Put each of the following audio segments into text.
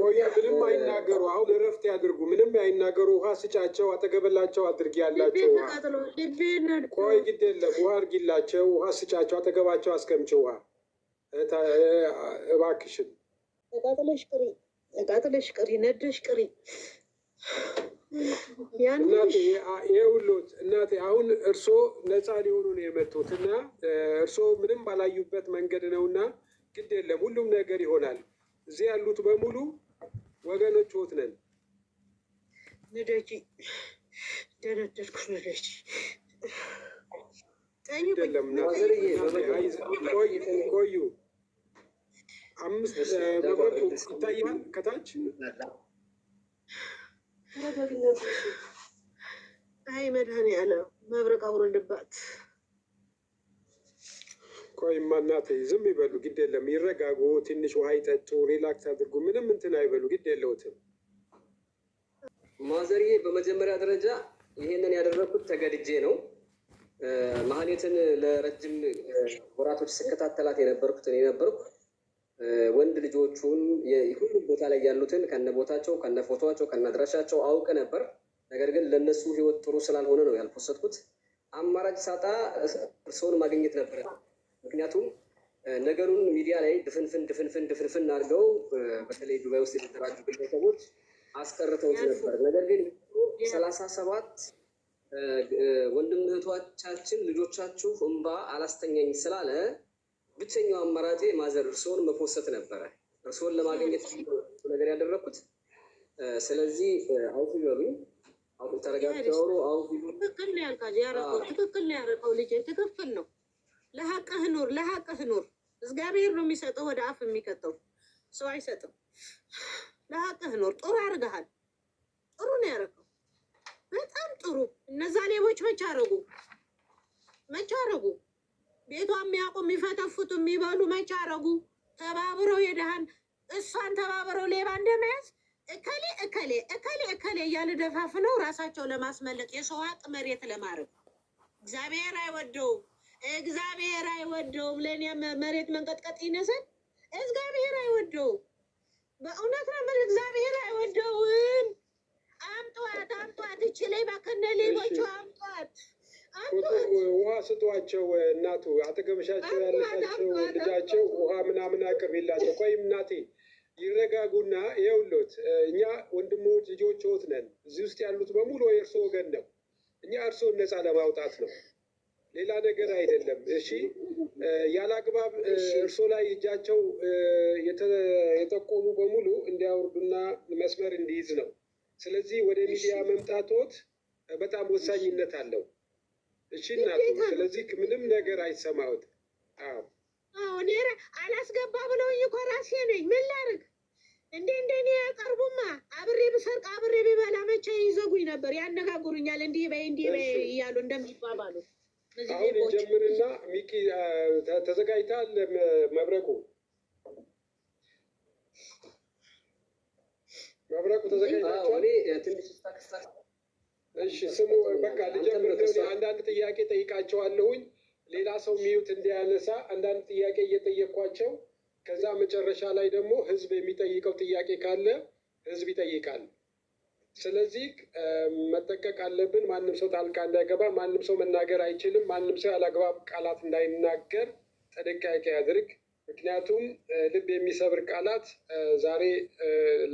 ቆየ ምንም አይናገሩ። አሁን እረፍት ያድርጉ። ምንም አይናገሩ። ውሃ ስጫቸው፣ አጠገበላቸው አድርጊ ያላቸው ውሃ ቆይ፣ ግድ የለም ውሃ አድርጊላቸው። ውሃ ስጫቸው፣ አጠገባቸው አስቀምጭ። ውሃ እባክሽን፣ ተቃጥለሽ ቅሪ፣ ተቃጥለሽ ቅሪ፣ ነደሽ ቅሪ። ይኸውልዎት እናቴ፣ አሁን እርሶ ነፃ ሊሆኑ ነው የመጡት እና እርሶ ምንም ባላዩበት መንገድ ነውና ግድ የለም ሁሉም ነገር ይሆናል። እዚህ ያሉት በሙሉ ወገኖች ወት ነን ንደጂ ደነደድኩሽ ንደጂ ቆዩ አምስት ይታያል ከታች አይ መድኃኔ መብረቅ አውርድባት ቆይማ እናቴ ዝም ይበሉ፣ ግድ የለም ይረጋጉ፣ ትንሽ ውሃ ይጠጡ፣ ሪላክስ አድርጉ። ምንም እንትን አይበሉ፣ ግድ የለውትም። ማዘርዬ በመጀመሪያ ደረጃ ይሄንን ያደረግኩት ተገድጄ ነው። ማህሌትን ለረጅም ወራቶች ስከታተላት የነበርኩትን የነበርኩ ወንድ ልጆቹን ሁሉም ቦታ ላይ ያሉትን ከነ ቦታቸው ከነ ፎቶቸው ከነ አድራሻቸው አውቅ ነበር። ነገር ግን ለእነሱ ህይወት ጥሩ ስላልሆነ ነው ያልፖሰትኩት። አማራጭ ሳጣ እርሰውን ማግኘት ነበር። ምክንያቱም ነገሩን ሚዲያ ላይ ድፍንፍን ድፍንፍን ድፍንፍን አድርገው በተለይ ዱባይ ውስጥ የተደራጁ ግለሰቦች አስቀርተውት ነበር። ነገር ግን ሰላሳ ሰባት ወንድም እህቶቻችን ልጆቻችሁ እንባ አላስተኛኝ ስላለ ብቸኛው አማራጭ ማዘር እርስዎን መኮሰት ነበረ። እርስዎን ለማግኘት ነገር ያደረኩት ስለዚህ አውፍ ይበሉኝ። አሁ ተረጋግተው አውፍ ይሉ ትክክል ነው ያልካ ትክክል ነው ያደረገው ልጄ ትክክል ነው ለሀቅህ ኑር፣ ለሀቅህ ኑር። እግዚአብሔር ነው የሚሰጠው፣ ወደ አፍ የሚከተው ሰው አይሰጥም። ለሀቅህ ኑር። ጥሩ አድርገሃል። ጥሩ ነው ያደረገው፣ በጣም ጥሩ። እነዛ ሌቦች መች አደረጉ? መች አደረጉ? ቤቷ የሚያውቁ የሚፈተፉት የሚበሉ መች አደረጉ? ተባብረው የደሃን እሷን ተባብረው ሌባ እንደመያዝ እከሌ እከሌ እከሌ እከሌ እያለ ደፋፍነው ራሳቸው ለማስመለጥ የሰው ሀቅ መሬት ለማድረግ እግዚአብሔር አይወደውም። እግዚአብሔር አይወደውም። ለእኔ መሬት መንቀጥቀጥ ይነሳል። እግዚአብሔር አይወደውም። በእውነት ነው የምልህ፣ እግዚአብሔር አይወደውም። አምጧት፣ አምጧት፣ እች ሌባ ከነ ሌሎቹ አምጧት፣ ውሃ ስጧቸው፣ እናቱ አጠገብሻቸው ያለቻቸው ልጃቸው ውሃ ምናምን አቅርቢላቸው። ቆይም እናቴ ይረጋጉና ይኸውልዎት፣ እኛ ወንድሞች ልጆች ልጆችዎት ነን። እዚህ ውስጥ ያሉት በሙሉ የእርስዎ ወገን ነው። እኛ እርስዎን ነፃ ለማውጣት ነው ሌላ ነገር አይደለም። እሺ ያለ አግባብ እርሶ ላይ እጃቸው የጠቆሙ በሙሉ እንዲያወርዱና መስመር እንዲይዝ ነው። ስለዚህ ወደ ሚዲያ መምጣቶት በጣም ወሳኝነት አለው። እሺ እናቱ፣ ስለዚህ ምንም ነገር አይሰማሁት። አዎ እኔ አላስገባ ብለውኝ እኮ ራሴ ነኝ። ምን ላርግ? እንደ እንደኔ ያቀርቡማ። አብሬ ብሰርቅ አብሬ ብበላ መቼ ይዘጉኝ ነበር። ያነጋግሩኛል እንዲህ በይ እንዲህ በይ እያሉ እንደሚባባሉት አሁን እንጀምርና ሚኪ ተዘጋጅታል። መብረቁ መብረቁ ተዘጋጅታቸዋል። ስሙ፣ በቃ ልጀምር። አንዳንድ ጥያቄ ጠይቃቸዋለሁኝ። ሌላ ሰው ሚዩት እንዲያነሳ አንዳንድ ጥያቄ እየጠየኳቸው ከዛ መጨረሻ ላይ ደግሞ ህዝብ የሚጠይቀው ጥያቄ ካለ ህዝብ ይጠይቃል። ስለዚህ መጠቀቅ አለብን። ማንም ሰው ጣልቃ እንዳይገባ፣ ማንም ሰው መናገር አይችልም። ማንም ሰው ያላግባብ ቃላት እንዳይናገር ጥንቃቄ ያድርግ። ምክንያቱም ልብ የሚሰብር ቃላት ዛሬ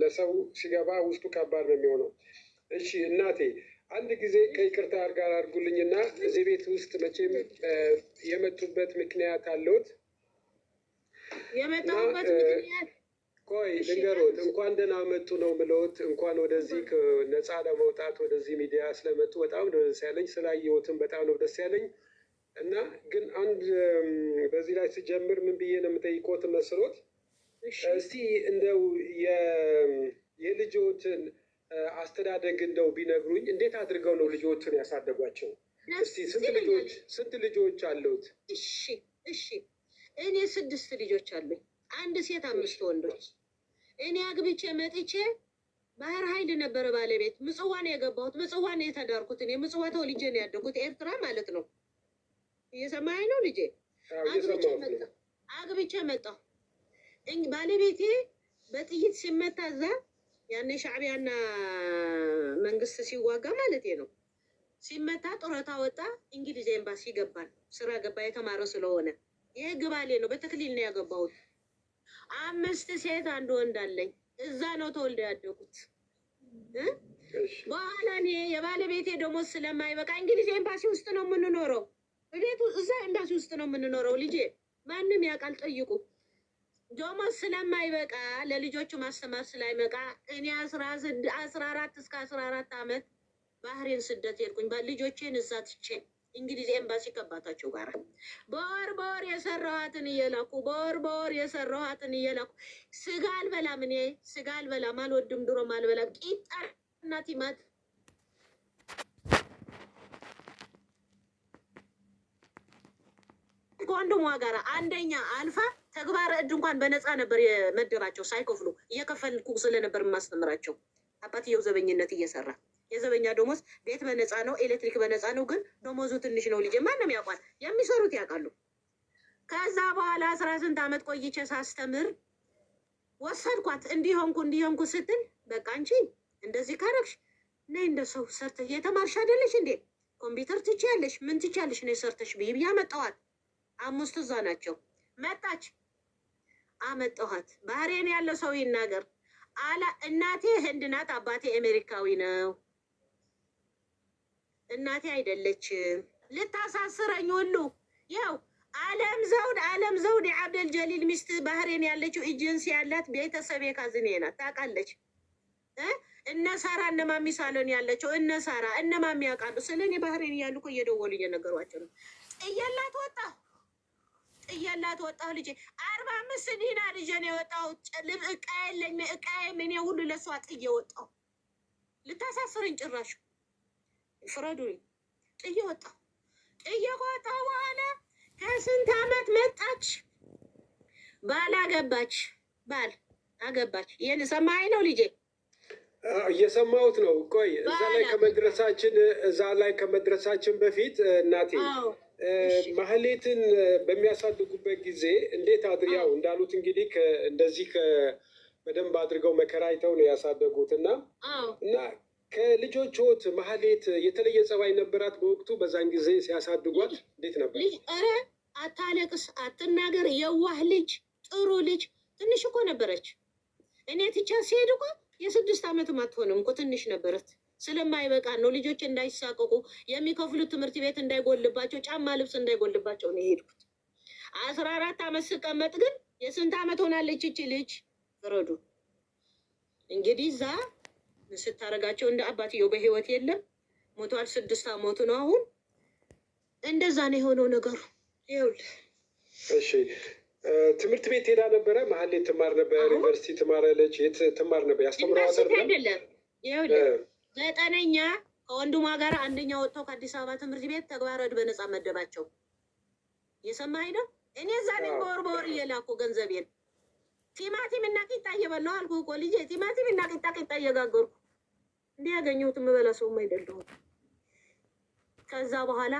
ለሰው ሲገባ ውስጡ ከባድ ነው የሚሆነው። እሺ እናቴ አንድ ጊዜ ከይቅርታ ጋር አድርጉልኝና እዚህ ቤት ውስጥ መቼም የመጡበት ምክንያት አለውት። የመጣሁበት ምክንያት ቆይ ልንገሮት፣ እንኳን ደህና መጡ ነው ምለውት። እንኳን ወደዚህ ነፃ ለመውጣት ወደዚህ ሚዲያ ስለመጡ በጣም ነው ደስ ያለኝ። ስላየሁትም በጣም ነው ደስ ያለኝ። እና ግን አንድ በዚህ ላይ ስጀምር ምን ብዬ ነው የምጠይቆት መስሎት፣ እስቲ እንደው የልጆትን አስተዳደግ እንደው ቢነግሩኝ፣ እንዴት አድርገው ነው ልጆቹን ያሳደጓቸው? እስቲ ስንት ልጆች ስንት ልጆች አለውት? እሺ እሺ፣ እኔ ስድስት ልጆች አለኝ። አንድ ሴት አምስት ወንዶች። እኔ አግብቼ መጥቼ ባህር ኃይል ነበረ ባለቤት። ምጽዋ ነው የገባሁት፣ ምጽዋ ነው የተዳርኩት። እኔ ምጽዋ ተወልጄ ነው ያደጉት፣ ኤርትራ ማለት ነው። እየሰማኸኝ ነው ልጄ? አግብቼ መጣሁ። ባለቤቴ በጥይት ሲመታ እዛ ያኔ ሻዕቢያና መንግስት ሲዋጋ ማለት ነው ሲመታ ጡረታ ወጣ። እንግሊዝ ኤምባሲ ገባል። ስራ ገባ የተማረ ስለሆነ ይሄ ግባሌ ነው። በተክሊል ነው ያገባሁት። አምስት ሴት አንድ ወንድ አለኝ። እዛ ነው ተወልደ ያደጉት። በኋላ እኔ የባለቤቴ ደሞዝ ስለማይበቃ እንግሊዝ ኤምባሲ ውስጥ ነው የምንኖረው። ቤቱ እዛ ኤምባሲ ውስጥ ነው የምንኖረው። ልጄ ማንም ያውቃል፣ ጠይቁ። ደሞዝ ስለማይበቃ ለልጆቹ ማስተማር ስላይበቃ እኔ አስራ አራት እስከ አስራ አራት አመት ባህሬን ስደት ሄድኩኝ ልጆቼን እዛ ትቼ እንግሊዝ ኤምባሲ ከባታቸው ጋር በወር በወር የሰራኋትን እየላኩ በወር በወር የሰራኋትን እየላኩ ስጋ አልበላም፣ እኔ ስጋ አልበላም፣ አልወድም፣ ድሮም አልበላም። ቂጣ ቲማት ከወንድሟ ጋር አንደኛ አልፋ ተግባር እድ እንኳን በነፃ ነበር የመደባቸው ሳይከፍሉ፣ እየከፈልኩ ስለነበር የማስተምራቸው አባትየው ዘበኝነት እየሰራ የዘበኛ ደሞዝ ቤት በነፃ ነው፣ ኤሌክትሪክ በነፃ ነው። ግን ደሞዙ ትንሽ ነው። ልጅ ማንም ያውቋል፣ የሚሰሩት ያውቃሉ። ከዛ በኋላ አስራ ስንት ዓመት ቆይቼ ሳስተምር ወሰድኳት። እንዲሆንኩ እንዲሆንኩ ስትል በቃ አንቺ እንደዚህ ካረግሽ ነይ እንደ ሰው ሰርተሽ የተማርሽ አይደለሽ እንዴ? ኮምፒውተር ትችያለሽ፣ ምን ትችያለሽ? ነይ ሰርተሽ ብይ ብዬ አመጣኋት። አምስቱ እዛ ናቸው። መጣች፣ አመጣኋት። ባህሬን ያለ ሰው ይናገር አላ እናቴ ህንድ ናት፣ አባቴ አሜሪካዊ ነው። እናቴ አይደለችም ልታሳስረኝ ሁሉ ያው አለም ዘውድ አለም ዘውድ የአብደል ጀሊል ሚስት ባህሬን ያለችው ኤጀንሲ ያላት ቤተሰብ የካዝኔ ናት። ታውቃለች። እነ ሳራ እነ ማሚ ሳሎን ያለችው እነ ሳራ እነ ማሚ ያውቃሉ። ስለ እኔ ባህሬን እያሉ እኮ እየደወሉ እየነገሯቸው ነው። ጥያላት ወጣሁ፣ ጥያላት ወጣሁ። ልጄ አርባ አምስት ዲና ልጄን የወጣሁ እቃ የለኝ እቃ የምን ሁሉ ለእሷ ጥዬ ወጣሁ። ልታሳስረኝ ጭራሹ ፍረዱኝ። ጥዬ ወጣሁ። ጥዬ ከወጣሁ በኋላ ከስንት አመት መጣች። ባል አገባች። ባል አገባች። ይህን ሰማኸኝ ነው ልጄ? እየሰማሁት ነው። ቆይ እዛ ላይ ከመድረሳችን እዛ ላይ ከመድረሳችን በፊት እናቴ ማህሌትን በሚያሳድጉበት ጊዜ እንዴት አድርያው እንዳሉት እንግዲህ እንደዚህ በደንብ አድርገው መከራይተው ነው ያሳደጉት እና እና ከልጆች ወት ማህሌት የተለየ ጸባይ ነበራት በወቅቱ በዛን ጊዜ ሲያሳድጓት እንዴት ነበር? ኧረ አታለቅስ፣ አትናገር፣ የዋህ ልጅ፣ ጥሩ ልጅ። ትንሽ እኮ ነበረች። እኔ ትቻ ሲሄድ እኮ የስድስት ዓመትም አትሆንም እኮ ትንሽ ነበረት። ስለማይበቃ ነው ልጆች እንዳይሳቀቁ የሚከፍሉት ትምህርት ቤት እንዳይጎልባቸው፣ ጫማ ልብስ እንዳይጎልባቸው ነው የሄድኩት። አስራ አራት ዓመት ስቀመጥ ግን የስንት ዓመት ሆናለች እቺ ልጅ? ፍረዱ እንግዲህ እዛ ስታረጋቸው እንደ አባትየው በህይወት የለም ሞቷል። ስድስት አመቱ ነው አሁን። እንደዛ ነው የሆነው ነገሩ። ይውል እሺ ትምህርት ቤት ሄዳ ነበረ። መሀል ላይ ትማር ነበር፣ ዩኒቨርሲቲ ትማራለች። የት ትማር ነበር? ያስተምረዋሰር አይደለም። ይኸውልህ ዘጠነኛ ከወንድሟ ጋር አንደኛ ወጥተው ከአዲስ አበባ ትምህርት ቤት ተግባረ ዕድ በነፃ መደባቸው። የሰማኸኝ ነው። እኔ እዛ ነኝ፣ በወር በወር እየላኩ ገንዘቤን ቲማቲም እና ቂጣ እየበላሁ አልኩ እኮ ልጄ። ቲማቲም እና ቂጣ ቂጣ እየጋገርኩ እንዲህ ያገኘሁት የምበላ ሰውም አይደለሁም። ከዛ በኋላ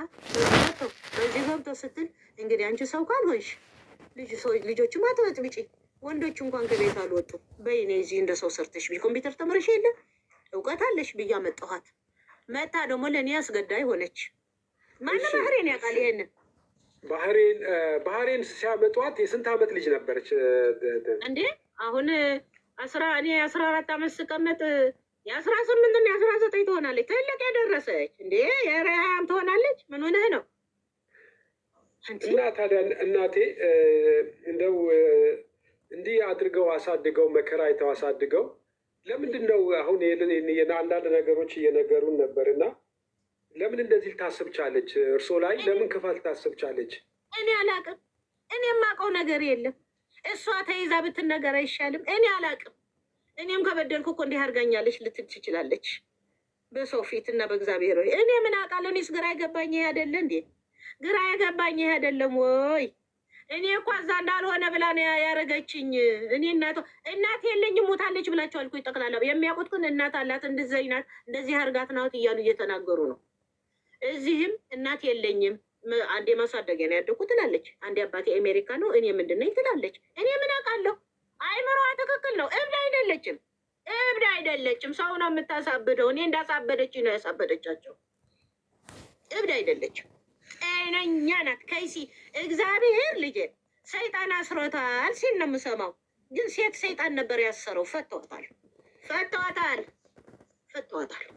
በዚህ ገብቶ ስትል እንግዲህ አንቺ ሰው ካልሆንሽ ልጆች አትበት ብጪ ወንዶች እንኳን ከቤት አልወጡ በይ እዚህ እንደ ሰው ሰርተሽ ቢ ኮምፒውተር ተምረሽ የለ እውቀት አለሽ ብዬ አመጣኋት። መታ ደግሞ ለእኔ አስገዳይ ሆነች። ማንም ባህሬን ያውቃል ይሄንን ባህሬን ሲያመጧት የስንት ዓመት ልጅ ነበረች እንዴ? አሁን አስራ እኔ አስራ አራት ዓመት ስቀመጥ የአስራ ስምንት እና የአስራ ዘጠኝ ትሆናለች። ትልቅ የደረሰች እንዴ የረያም ትሆናለች። ምን ሆነህ ነው? እና ታዲያ እናቴ እንደው እንዲህ አድርገው አሳድገው መከራ አይተው አሳድገው ለምንድን ነው አሁን አንዳንድ ነገሮች እየነገሩን ነበር እና ለምን እንደዚህ ልታስብ ቻለች? እርሶ ላይ ለምን ክፋት ልታስብ ቻለች? እኔ አላቅም። እኔ የማውቀው ነገር የለም። እሷ ተይዛ ብትነገር አይሻልም? እኔ አላቅም። እኔም ከበደልኩ እኮ እንዲህ አድርጋኛለች ልትል ትችላለች፣ በሰው ፊት እና በእግዚአብሔር ወይ እኔ ምን አውቃለሁ? እኔስ ግራ የገባኝ ይሄ አይደለ እንዴ? ግራ የገባኝ ይሄ አይደለም ወይ? እኔ እኮ እዛ እንዳልሆነ ብላ ነው ያደረገችኝ። እኔ እናት እናት የለኝም ሞታለች ብላቸው አልኩኝ። ጠቅላላ የሚያውቁት ግን እናት አላት፣ እንደዚህ ናት፣ እንደዚህ አድርጋት ናት እያሉ እየተናገሩ ነው። እዚህም እናት የለኝም አንዴ ማሳደጊያ ነው ያደኩ ትላለች። አንዴ አባቴ አሜሪካ ነው እኔ ምንድነኝ ትላለች። እኔ ምን አውቃለሁ? አይምሮዋ ትክክል ነው። እብድ አይደለችም፣ እብድ አይደለችም። ሰው ነው የምታሳብደው። እኔ እንዳሳበደች ነው ያሳበደቻቸው። እብድ አይደለችም፣ ጤነኛ ናት። ከይሲ እግዚአብሔር ልጄ ሰይጣን አስሮታል ሲል ነው የምሰማው። ግን ሴት ሰይጣን ነበር ያሰረው። ፈቷታል፣ ፈቷታል፣ ፈቷታል።